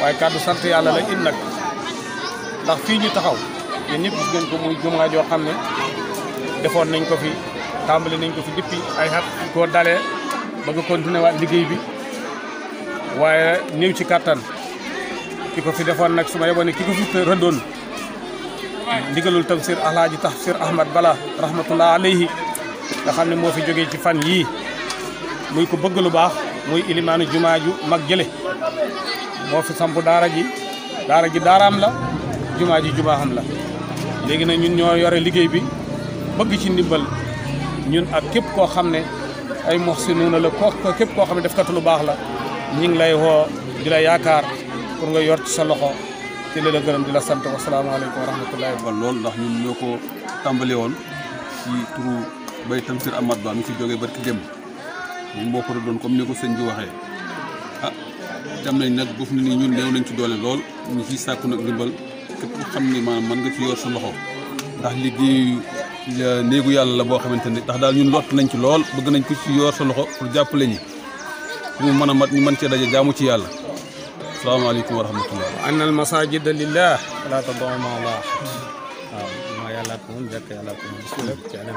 waye kaddu sant yalla la it nag ndax fi ñu taxaw yéen ñep gis ngeen ko muy jumaa jo xamne defoon nañ ko fi tambali nañ ko fi depuis ay hat ko dalé ba nga continuer waat liggey bi waye néew ci katan kiko fi defoon nak suma yobone kiko fi rendon ndigalul tafsir alhaji tafsir ahmad bala rahmatullah alayhi nga xamne mo fi joge ci fan yi muy ko bëgg lu bax muy ilimanu jumaaju mag jele moo fi samp daara ji daara ji daaraam la jumaa ji jumaaxam la léegi nag ñun ñoo yore liggéey bi bëgg ci ndimbal ñun ak képp koo xam ne ay muhsinuuna la ko képp koo xam ne def kat lu baax la ñu ngi lay woo di la yaakaar pour nga yor ci sa loxo ci la la gërëm di la sant wa salaamaaleykum wa rahmatullahi wa lool ndax ñun ñoo ko tàmbale woon ci turu bay Tamsir Amath Ba mi fi jógee barki dem ñu mbokk doon comme ni ko sëñ bi waxee ah tam nañ nag boo na ni ñun néew nañ ci doole lool ñu ciy sàkku nag ndimbal képp xam ni maanaam mën nga ci yor sa loxo ndax liggéeyu néegu yàlla la boo xamante ni ndax daal ñun lott nañ ci lool bëgg nañ ko ci yor sa loxo pour jàpp lañu pour mu mën a mat ñu mën cee daje jaamu ci yàlla salaamaaleykum wa rahmatullah wa anna al masajida lillah fala tad'u ma'a allah waaw maa yàlla ko moom jàkk yàlla ko